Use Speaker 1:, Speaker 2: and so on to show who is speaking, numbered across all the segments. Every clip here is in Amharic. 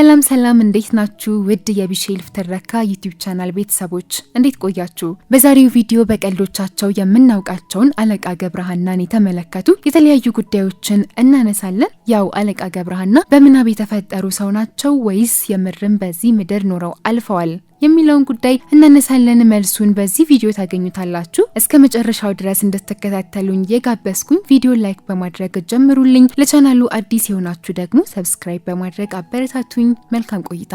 Speaker 1: ሰላም ሰላም፣ እንዴት ናችሁ? ውድ የቢሼልፍ ትረካ ዩቲዩብ ቻናል ቤተሰቦች እንዴት ቆያችሁ? በዛሬው ቪዲዮ በቀልዶቻቸው የምናውቃቸውን አለቃ ገብረሃናን የተመለከቱ የተለያዩ ጉዳዮችን እናነሳለን። ያው አለቃ ገብረሃና በምናብ የተፈጠሩ ሰው ናቸው ወይስ የምርም በዚህ ምድር ኖረው አልፈዋል? የሚለውን ጉዳይ እናነሳለን። መልሱን በዚህ ቪዲዮ ታገኙታላችሁ። እስከ መጨረሻው ድረስ እንድትከታተሉኝ የጋበዝኩኝ፣ ቪዲዮ ላይክ በማድረግ ጀምሩልኝ። ለቻናሉ አዲስ የሆናችሁ ደግሞ ሰብስክራይብ በማድረግ አበረታቱኝ። መልካም ቆይታ።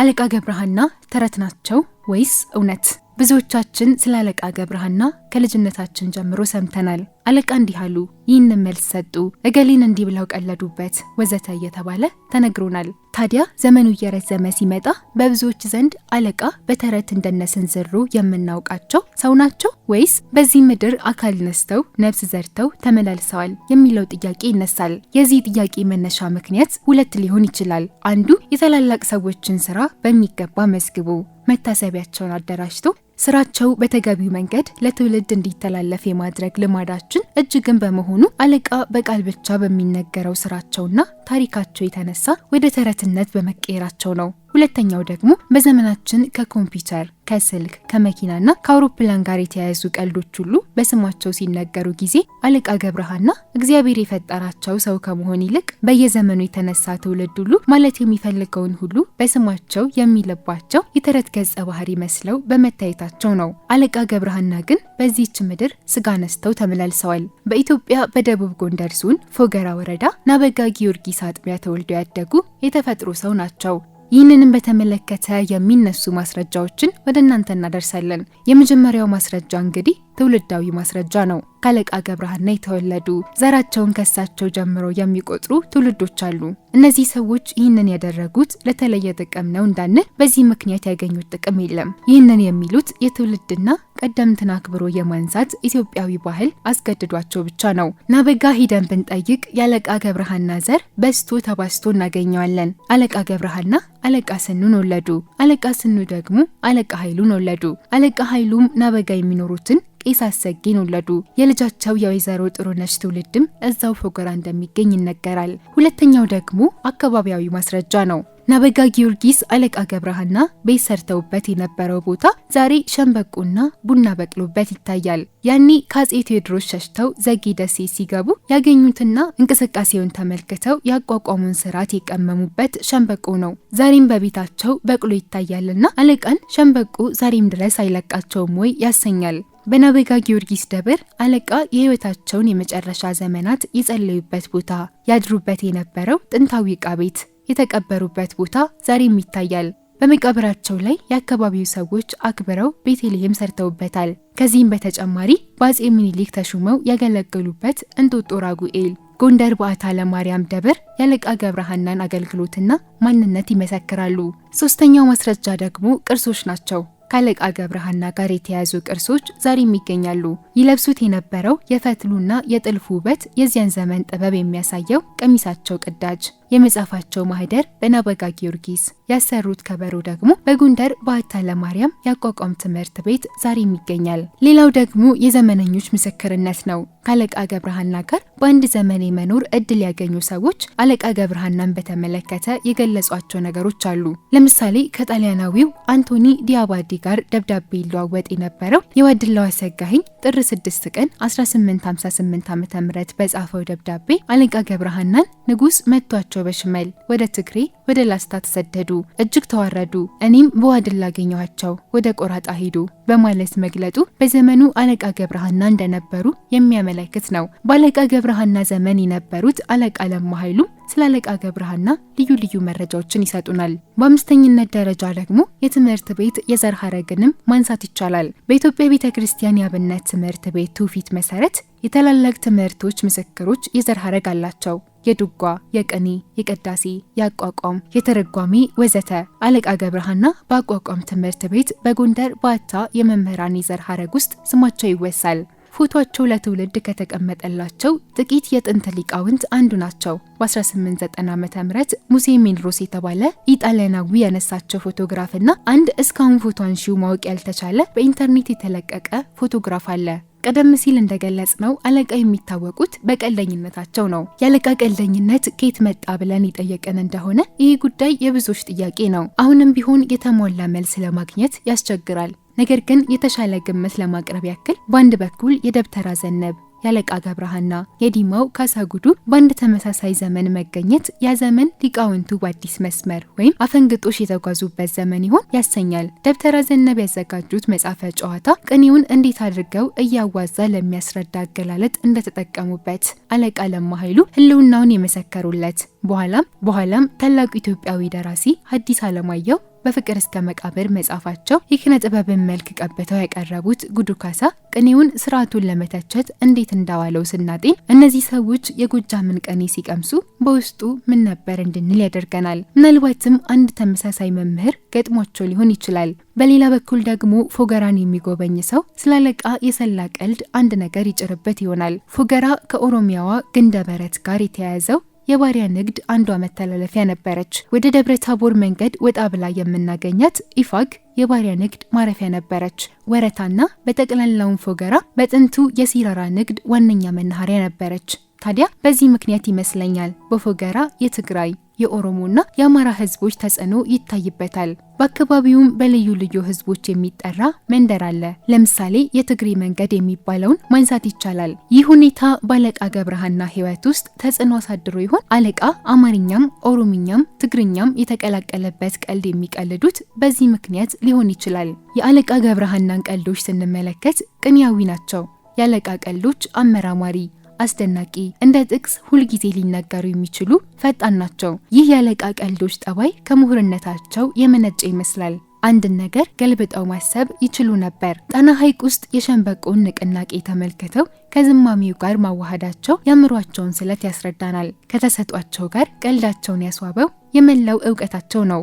Speaker 1: አለቃ ገብረሃና ተረት ናቸው ወይስ እውነት? ብዙዎቻችን ስለ አለቃ ገብረሃና ከልጅነታችን ጀምሮ ሰምተናል። አለቃ እንዲህ አሉ፣ ይህንን መልስ ሰጡ፣ እገሌን እንዲህ ብለው ቀለዱበት፣ ወዘተ እየተባለ ተነግሮናል። ታዲያ ዘመኑ እየረዘመ ሲመጣ በብዙዎች ዘንድ አለቃ በተረት እንደነስንዝሩ የምናውቃቸው ሰው ናቸው ወይስ በዚህ ምድር አካል ነስተው ነፍስ ዘርተው ተመላልሰዋል የሚለው ጥያቄ ይነሳል። የዚህ ጥያቄ መነሻ ምክንያት ሁለት ሊሆን ይችላል። አንዱ የታላላቅ ሰዎችን ስራ በሚገባ መዝግቦ መታሰቢያቸውን አደራጅቶ ስራቸው በተገቢው መንገድ ለትውልድ እንዲተላለፍ የማድረግ ልማዳችን እጅግን በመሆኑ አለቃ በቃል ብቻ በሚነገረው ስራቸውና ታሪካቸው የተነሳ ወደ ተረትነት በመቀየራቸው ነው። ሁለተኛው ደግሞ በዘመናችን ከኮምፒውተር ከስልክ ከመኪናና ከአውሮፕላን ጋር የተያያዙ ቀልዶች ሁሉ በስማቸው ሲነገሩ ጊዜ አለቃ ገብረሃና እግዚአብሔር የፈጠራቸው ሰው ከመሆን ይልቅ በየዘመኑ የተነሳ ትውልድ ሁሉ ማለት የሚፈልገውን ሁሉ በስማቸው የሚለባቸው የተረት ገጸ ባህሪ መስለው በመታየታቸው ነው። አለቃ ገብረሃና ግን በዚህች ምድር ስጋ ነስተው ተመላልሰዋል። በኢትዮጵያ በደቡብ ጎንደር ዞን ፎገራ ወረዳ ናበጋ ጊዮርጊስ አጥቢያ ተወልደው ያደጉ የተፈጥሮ ሰው ናቸው። ይህንንም በተመለከተ የሚነሱ ማስረጃዎችን ወደ እናንተ እናደርሳለን። የመጀመሪያው ማስረጃ እንግዲህ ትውልዳዊ ማስረጃ ነው። ካለቃ ገብረሃና የተወለዱ ዘራቸውን ከሳቸው ጀምሮ የሚቆጥሩ ትውልዶች አሉ። እነዚህ ሰዎች ይህንን ያደረጉት ለተለየ ጥቅም ነው እንዳንል በዚህ ምክንያት ያገኙት ጥቅም የለም። ይህንን የሚሉት የትውልድና ቀደምትን አክብሮ የማንሳት ኢትዮጵያዊ ባህል አስገድዷቸው ብቻ ነው። ናበጋ ሂደን ብንጠይቅ የአለቃ ገብረሃና ዘር በስቶ ተባስቶ እናገኘዋለን። አለቃ ገብረሃና አለቃ ስኑን ወለዱ። አለቃ ስኑ ደግሞ አለቃ ኃይሉን ወለዱ። አለቃ ኃይሉም ናበጋ የሚኖሩትን ቄስ አሰጌን ወለዱ። የልጃቸው የወይዘሮ ጥሩነሽ ትውልድም እዛው ፎገራ እንደሚገኝ ይነገራል። ሁለተኛው ደግሞ አካባቢያዊ ማስረጃ ነው። ናበጋ ጊዮርጊስ አለቃ ገብረሃና ቤት ሰርተውበት የነበረው ቦታ ዛሬ ሸንበቆና ቡና በቅሎበት ይታያል። ያኔ ከአጼ ቴዎድሮስ ሸሽተው ዘጌ ደሴ ሲገቡ ያገኙትና እንቅስቃሴውን ተመልክተው ያቋቋሙን ስርዓት የቀመሙበት ሸንበቆ ነው። ዛሬም በቤታቸው በቅሎ ይታያልና አለቃን ሸንበቆ ዛሬም ድረስ አይለቃቸውም ወይ ያሰኛል። በናቤጋ ጊዮርጊስ ደብር አለቃ የሕይወታቸውን የመጨረሻ ዘመናት የጸለዩበት ቦታ፣ ያድሩበት የነበረው ጥንታዊ ዕቃ ቤት፣ የተቀበሩበት ቦታ ዛሬም ይታያል። በመቃብራቸው ላይ የአካባቢው ሰዎች አክብረው ቤተልሔም ሰርተውበታል። ከዚህም በተጨማሪ በአጼ ምኒልክ ተሹመው ያገለገሉበት እንጦጦ ራጉኤል፣ ጎንደር በዓታ ለማርያም ደብር የአለቃ ገብረሐናን አገልግሎትና ማንነት ይመሰክራሉ። ሶስተኛው ማስረጃ ደግሞ ቅርሶች ናቸው። ከአለቃ ገብረሃና ጋር የተያያዙ ቅርሶች ዛሬም ይገኛሉ። ይለብሱት የነበረው የፈትሉና የጥልፉ ውበት የዚያን ዘመን ጥበብ የሚያሳየው ቀሚሳቸው ቅዳጅ፣ የመጽሐፋቸው ማህደር በናበጋ ጊዮርጊስ ያሰሩት ከበሮ ደግሞ በጎንደር በአታ ለማርያም ያቋቋም ትምህርት ቤት ዛሬም ይገኛል። ሌላው ደግሞ የዘመነኞች ምስክርነት ነው። ከአለቃ ገብረሃና ጋር በአንድ ዘመን የመኖር እድል ያገኙ ሰዎች አለቃ ገብረሃናን በተመለከተ የገለጿቸው ነገሮች አሉ። ለምሳሌ ከጣሊያናዊው አንቶኒ ዲያባዲ ጋር ደብዳቤ ይለዋወጥ የነበረው የዋድላው አሰጋኝ ጥር 6 ቀን 1858 ዓ ም በጻፈው ደብዳቤ አለቃ ገብረሃናን ንጉሥ መጥቷቸው በሽመል ወደ ትግሬ ወደ ላስታ ተሰደዱ። እጅግ ተዋረዱ። እኔም በዋድን ላገኘኋቸው ወደ ቆራጣ ሄዱ በማለት መግለጡ በዘመኑ አለቃ ገብረሃና እንደነበሩ የሚያመለክት ነው። በአለቃ ገብረሃና ዘመን የነበሩት አለቃ ለማ ኃይሉም ስለ አለቃ ገብረሃና ልዩ ልዩ መረጃዎችን ይሰጡናል። በአምስተኝነት ደረጃ ደግሞ የትምህርት ቤት የዘር ሀረግንም ማንሳት ይቻላል። በኢትዮጵያ ቤተ ክርስቲያን የአብነት ትምህርት ቤት ትውፊት መሰረት የታላላቅ ትምህርቶች ምስክሮች የዘር ሀረግ አላቸው። የዱጓ፣ የቅኔ፣ የቅዳሴ፣ የአቋቋም፣ የተረጓሚ ወዘተ አለቃ ገብረሃና በአቋቋም ትምህርት ቤት በጎንደር ባታ የመምህራን የዘር ሀረግ ውስጥ ስማቸው ይወሳል። ፎቶቸው ለትውልድ ከተቀመጠላቸው ጥቂት የጥንት ሊቃውንት አንዱ ናቸው። በ1890 ዓ ም ሙሴ ሜንሮስ የተባለ ኢጣሊያናዊ ያነሳቸው ፎቶግራፍና አንድ እስካሁን ፎቶ አንሺው ማወቅ ያልተቻለ በኢንተርኔት የተለቀቀ ፎቶግራፍ አለ። ቀደም ሲል እንደገለጽ ነው አለቃ የሚታወቁት በቀልደኝነታቸው ነው። የአለቃ ቀልደኝነት ከየት መጣ ብለን የጠየቀን እንደሆነ ይህ ጉዳይ የብዙዎች ጥያቄ ነው። አሁንም ቢሆን የተሟላ መልስ ለማግኘት ያስቸግራል። ነገር ግን የተሻለ ግምት ለማቅረብ ያክል በአንድ በኩል የደብተራ ዘነብ ያለቃ ገብረሃና የዲማው ካሳጉዱ በአንድ ተመሳሳይ ዘመን መገኘት ያ ዘመን ሊቃውንቱ በአዲስ መስመር ወይም አፈንግጦሽ የተጓዙበት ዘመን ይሆን ያሰኛል። ደብተራ ዘነብ ያዘጋጁት መጻፈ ጨዋታ ቅኔውን እንዴት አድርገው እያዋዛ ለሚያስረዳ አገላለጥ እንደተጠቀሙበት አለቃ ለማ ኃይሉ ህልውናውን የመሰከሩለት በኋላም በኋላም ታላቁ ኢትዮጵያዊ ደራሲ ሐዲስ ዓለማየሁ በፍቅር እስከ መቃብር መጻፋቸው የኪነ ጥበብን መልክ ቀብተው ያቀረቡት ጉዱ ካሳ ቅኔውን ስርዓቱን ለመተቸት እንዴት እንዳዋለው ስናጤን እነዚህ ሰዎች የጎጃምን ቅኔ ሲቀምሱ በውስጡ ምን ነበር እንድንል ያደርገናል። ምናልባትም አንድ ተመሳሳይ መምህር ገጥሟቸው ሊሆን ይችላል። በሌላ በኩል ደግሞ ፎገራን የሚጎበኝ ሰው ስለ አለቃ የሰላ ቀልድ አንድ ነገር ይጭርበት ይሆናል። ፎገራ ከኦሮሚያዋ ግንደ በረት ጋር የተያያዘው የባሪያ ንግድ አንዷ መተላለፊያ ነበረች። ወደ ደብረ ታቦር መንገድ ወጣ ብላ የምናገኛት ኢፋግ የባሪያ ንግድ ማረፊያ ነበረች። ወረታና በጠቅላላውን ፎገራ በጥንቱ የሲራራ ንግድ ዋነኛ መናኸሪያ ነበረች። ታዲያ በዚህ ምክንያት ይመስለኛል በፎገራ የትግራይ የኦሮሞና የአማራ ህዝቦች ተጽዕኖ ይታይበታል። በአካባቢውም በልዩ ልዩ ህዝቦች የሚጠራ መንደር አለ። ለምሳሌ የትግሬ መንገድ የሚባለውን ማንሳት ይቻላል። ይህ ሁኔታ በአለቃ ገብረሃና ህይወት ውስጥ ተጽዕኖ አሳድሮ ይሆን? አለቃ አማርኛም ኦሮምኛም ትግርኛም የተቀላቀለበት ቀልድ የሚቀልዱት በዚህ ምክንያት ሊሆን ይችላል። የአለቃ ገብረሃናን ቀልዶች ስንመለከት ቅንያዊ ናቸው። የአለቃ ቀልዶች አመራማሪ አስደናቂ፣ እንደ ጥቅስ ሁልጊዜ ሊነገሩ የሚችሉ ፈጣን ናቸው። ይህ የአለቃ ቀልዶች ጠባይ ከምሁርነታቸው የመነጨ ይመስላል። አንድን ነገር ገልብጠው ማሰብ ይችሉ ነበር። ጣና ሐይቅ ውስጥ የሸንበቆን ንቅናቄ ተመልክተው ከዝማሚው ጋር ማዋሃዳቸው የአእምሯቸውን ስለት ያስረዳናል። ከተሰጧቸው ጋር ቀልዳቸውን ያስዋበው የመላው እውቀታቸው ነው።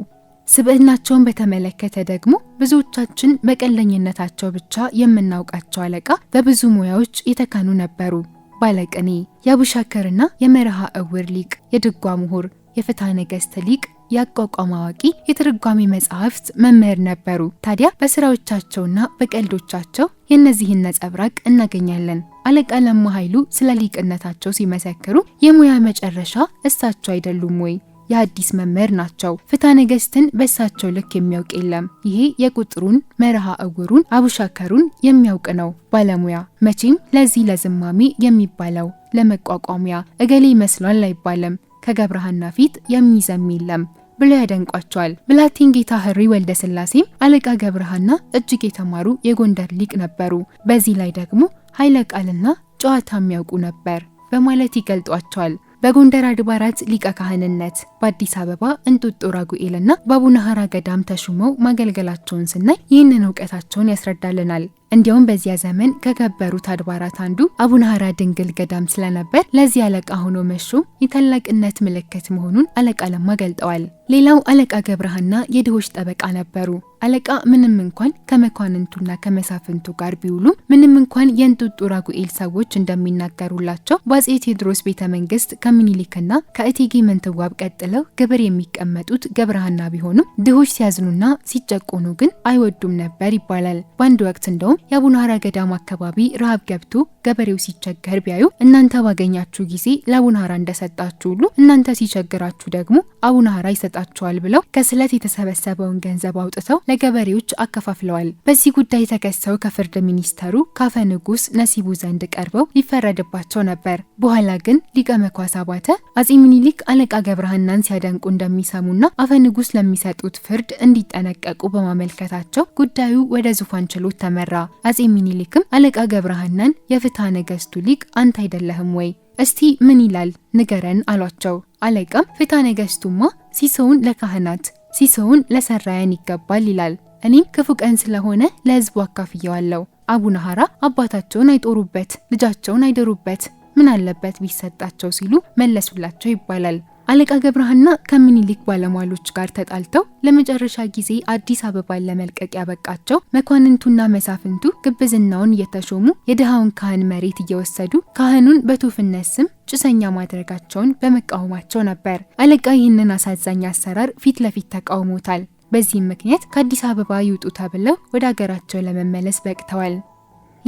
Speaker 1: ስብዕናቸውን በተመለከተ ደግሞ ብዙዎቻችን በቀለኝነታቸው ብቻ የምናውቃቸው አለቃ በብዙ ሙያዎች የተካኑ ነበሩ። ባለቅኔ፣ የአቡሻከርና የመርሃ እውር ሊቅ፣ የድጓ ምሁር፣ የፍትሐ ነገሥት ሊቅ የአቋቋም አዋቂ የትርጓሜ መጽሐፍት መምህር ነበሩ። ታዲያ በስራዎቻቸውና በቀልዶቻቸው የእነዚህን ነጸብራቅ እናገኛለን። አለቃ ለማ ኃይሉ ስለ ሊቅነታቸው ሲመሰክሩ የሙያ መጨረሻ እሳቸው አይደሉም ወይ? የአዲስ መምህር ናቸው። ፍትሐ ነገስትን በእሳቸው ልክ የሚያውቅ የለም። ይሄ የቁጥሩን መርሃ እውሩን አቡሻከሩን የሚያውቅ ነው ባለሙያ። መቼም ለዚህ ለዝማሜ የሚባለው ለመቋቋሚያ እገሌ ይመስሏል አይባልም። ከገብረሃና ፊት የሚዘም የለም ብሎ ያደንቋቸዋል። ብላቴን ጌታ ህሪ ወልደ ስላሴም አለቃ ገብረሃና እጅግ የተማሩ የጎንደር ሊቅ ነበሩ። በዚህ ላይ ደግሞ ኃይለ ቃልና ጨዋታ የሚያውቁ ነበር በማለት ይገልጧቸዋል። በጎንደር አድባራት ሊቀ ካህንነት በአዲስ አበባ እንጦጦ ራጉኤልና በአቡነ ሀራ ገዳም ተሹመው ማገልገላቸውን ስናይ ይህንን እውቀታቸውን ያስረዳልናል። እንዲያውም በዚያ ዘመን ከከበሩት አድባራት አንዱ አቡነ ሀራ ድንግል ገዳም ስለነበር ለዚህ አለቃ ሆኖ መሾም የታላቅነት ምልክት መሆኑን አለቃ ለማ ገልጠዋል። ሌላው አለቃ ገብረሃና የድሆች ጠበቃ ነበሩ። አለቃ ምንም እንኳን ከመኳንንቱና ከመሳፍንቱ ጋር ቢውሉም ምንም እንኳን የእንጡጡ ራጉኤል ሰዎች እንደሚናገሩላቸው በአጼ ቴዎድሮስ ቤተ መንግስት ከምኒልክና ከእቴጌ ምንትዋብ ቀጥለው ግብር የሚቀመጡት ገብረሃና ቢሆኑም ድሆች ሲያዝኑና ሲጨቆኑ ግን አይወዱም ነበር ይባላል። በአንድ ወቅት እንደውም የአቡነ ሀራ ገዳም አካባቢ ረሃብ ገብቶ ገበሬው ሲቸገር ቢያዩ እናንተ ባገኛችሁ ጊዜ ለአቡነ ሀራ እንደሰጣችሁ ሁሉ እናንተ ሲቸግራችሁ ደግሞ አቡነ ሀራ ይሰጣችኋል ብለው ከስለት የተሰበሰበውን ገንዘብ አውጥተው ለገበሬዎች አከፋፍለዋል። በዚህ ጉዳይ የተከሰው ከፍርድ ሚኒስተሩ ካፈ ንጉስ ነሲቡ ዘንድ ቀርበው ሊፈረድባቸው ነበር። በኋላ ግን ሊቀ መኳስ አባተ አጼ ሚኒሊክ አለቃ ገብረሃናን ሲያደንቁ እንደሚሰሙና አፈ ንጉስ ለሚሰጡት ፍርድ እንዲጠነቀቁ በማመልከታቸው ጉዳዩ ወደ ዙፋን ችሎት ተመራ። አጼ ሚኒሊክም አለቃ ገብረሐናን የፍትሐ ነገሥቱ ሊቅ አንተ አይደለህም ወይ እስቲ ምን ይላል ንገረን አሏቸው። አለቃም ፍትሐ ነገሥቱማ ሲሶውን ለካህናት ሲሶውን ለሰራያን ይገባል ይላል። እኔም ክፉ ቀን ስለሆነ ለህዝቡ አካፍየዋለሁ። አቡነ ሐራ አባታቸውን አይጦሩበት፣ ልጃቸውን አይደሩበት፣ ምን አለበት ቢሰጣቸው ሲሉ መለሱላቸው ይባላል። አለቃ ገብረሃና ከምኒልክ ባለሟሎች ጋር ተጣልተው ለመጨረሻ ጊዜ አዲስ አበባን ለመልቀቅ ያበቃቸው መኳንንቱና መሳፍንቱ ግብዝናውን እየተሾሙ የድሃውን ካህን መሬት እየወሰዱ ካህኑን በቱፍነት ስም ጭሰኛ ማድረጋቸውን በመቃወማቸው ነበር። አለቃ ይህንን አሳዛኝ አሰራር ፊት ለፊት ተቃውሞታል። በዚህም ምክንያት ከአዲስ አበባ ይውጡ ተብለው ወደ አገራቸው ለመመለስ በቅተዋል።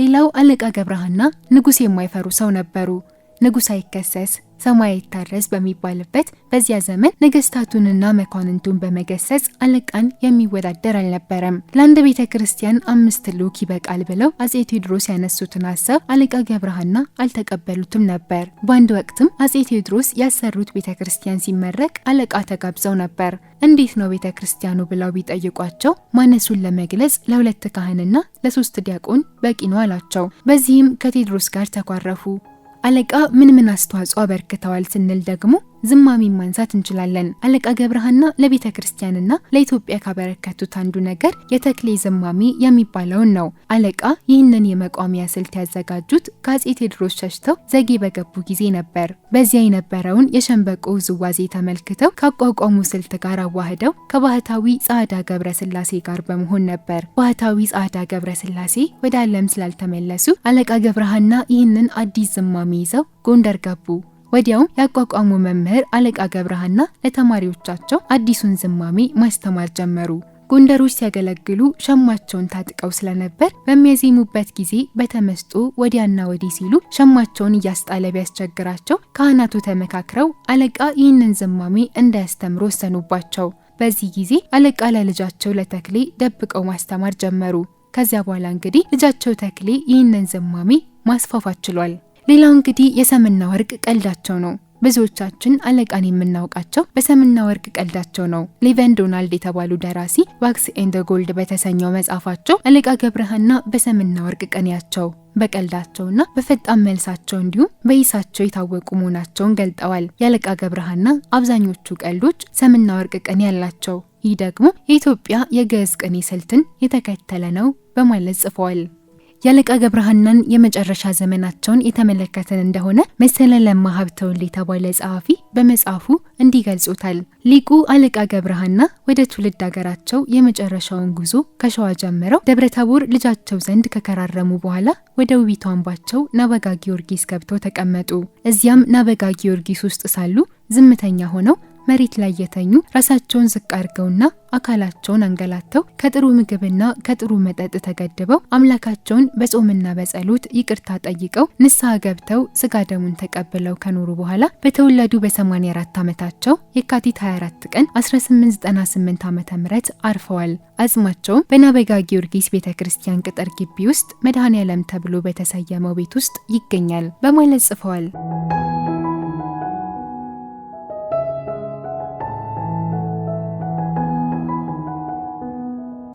Speaker 1: ሌላው አለቃ ገብረሃና ንጉሥ የማይፈሩ ሰው ነበሩ። ንጉሥ አይከሰስ ሰማይ ይታረስ በሚባልበት በዚያ ዘመን ነገስታቱንና መኳንንቱን በመገሰጽ አለቃን የሚወዳደር አልነበረም። ለአንድ ቤተ ክርስቲያን አምስት ልዑክ ይበቃል ብለው አጼ ቴዎድሮስ ያነሱትን ሀሳብ አለቃ ገብረሐና አልተቀበሉትም ነበር። በአንድ ወቅትም አጼ ቴዎድሮስ ያሰሩት ቤተ ክርስቲያን ሲመረቅ አለቃ ተጋብዘው ነበር። እንዴት ነው ቤተ ክርስቲያኑ ብለው ቢጠይቋቸው ማነሱን ለመግለጽ ለሁለት ካህንና ለሶስት ዲያቆን በቂ ነው አላቸው። በዚህም ከቴዎድሮስ ጋር ተኳረፉ። አለቃ ምን ምን አስተዋጽኦ አበርክተዋል ስንል ደግሞ ዝማሜን ማንሳት እንችላለን። አለቃ ገብረሃና ለቤተ ክርስቲያንና ለኢትዮጵያ ካበረከቱት አንዱ ነገር የተክሌ ዝማሜ የሚባለውን ነው። አለቃ ይህንን የመቋሚያ ስልት ያዘጋጁት ከአጼ ቴዎድሮስ ሸሽተው ዘጌ በገቡ ጊዜ ነበር። በዚያ የነበረውን የሸንበቆ ውዝዋዜ ተመልክተው ካቋቋሙ ስልት ጋር አዋህደው ከባህታዊ ጸዓዳ ገብረ ስላሴ ጋር በመሆን ነበር። ባህታዊ ጸዓዳ ገብረ ስላሴ ወደ ዓለም ስላልተመለሱ አለቃ ገብረሃና ይህንን አዲስ ዝማሜ ይዘው ጎንደር ገቡ። ወዲያውም ያቋቋሙ መምህር አለቃ ገብረሃና ለተማሪዎቻቸው አዲሱን ዝማሜ ማስተማር ጀመሩ። ጎንደሮች ሲያገለግሉ ሸማቸውን ታጥቀው ስለነበር በሚያዜሙበት ጊዜ በተመስጦ ወዲያና ወዲህ ሲሉ ሸማቸውን እያስጣለ ቢያስቸግራቸው ካህናቱ ተመካክረው አለቃ ይህንን ዝማሜ እንዳያስተምሩ ወሰኑባቸው። በዚህ ጊዜ አለቃ ለልጃቸው ለተክሌ ደብቀው ማስተማር ጀመሩ። ከዚያ በኋላ እንግዲህ ልጃቸው ተክሌ ይህንን ዝማሜ ማስፋፋት ችሏል። ሌላው እንግዲህ የሰምና ወርቅ ቀልዳቸው ነው። ብዙዎቻችን አለቃን የምናውቃቸው በሰምና ወርቅ ቀልዳቸው ነው። ሊቨን ዶናልድ የተባሉ ደራሲ ዋክስ ኤንደ ጎልድ በተሰኘው መጽሐፋቸው አለቃ ገብረሃና በሰምና ወርቅ ቅኔያቸው በቀልዳቸውና በፈጣን መልሳቸው እንዲሁም በይሳቸው የታወቁ መሆናቸውን ገልጠዋል። የአለቃ ገብረሃና አብዛኞቹ ቀልዶች ሰምና ወርቅ ቅኔ ያላቸው፣ ይህ ደግሞ የኢትዮጵያ የግዕዝ ቅኔ ስልትን የተከተለ ነው በማለት ጽፈዋል። የአለቃ ገብረሃናን የመጨረሻ ዘመናቸውን የተመለከተን እንደሆነ መሰለ ለማ ሀብተውል የተባለ ጸሐፊ በመጽሐፉ እንዲህ ገልጾታል። ሊቁ አለቃ ገብረሃና ወደ ትውልድ ሀገራቸው የመጨረሻውን ጉዞ ከሸዋ ጀምረው ደብረታቦር ልጃቸው ዘንድ ከከራረሙ በኋላ ወደ ውቢቷ አምባቸው ናበጋ ጊዮርጊስ ገብተው ተቀመጡ። እዚያም ናበጋ ጊዮርጊስ ውስጥ ሳሉ ዝምተኛ ሆነው መሬት ላይ የተኙ ራሳቸውን ዝቅ አድርገውና አካላቸውን አንገላተው ከጥሩ ምግብና ከጥሩ መጠጥ ተገድበው አምላካቸውን በጾምና በጸሎት ይቅርታ ጠይቀው ንስሐ ገብተው ስጋ ደሙን ተቀብለው ከኖሩ በኋላ በተወለዱ በ84 ዓመታቸው የካቲት 24 ቀን 1898 ዓ ም አርፈዋል። አጽማቸውም በናበጋ ጊዮርጊስ ቤተ ክርስቲያን ቅጥር ግቢ ውስጥ መድኃኔ ዓለም ተብሎ በተሰየመው ቤት ውስጥ ይገኛል በማለት ጽፈዋል።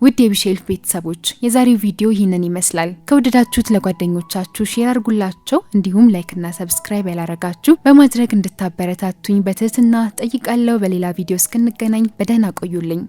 Speaker 1: ውድ የቢሼልፍ ቤተሰቦች የዛሬው ቪዲዮ ይህንን ይመስላል። ከወደዳችሁት ለጓደኞቻችሁ ሼር አርጉላቸው። እንዲሁም ላይክና ሰብስክራይብ ያላረጋችሁ በማድረግ እንድታበረታቱኝ በትህትና ጠይቃለሁ። በሌላ ቪዲዮ እስክንገናኝ በደህና ቆዩልኝ።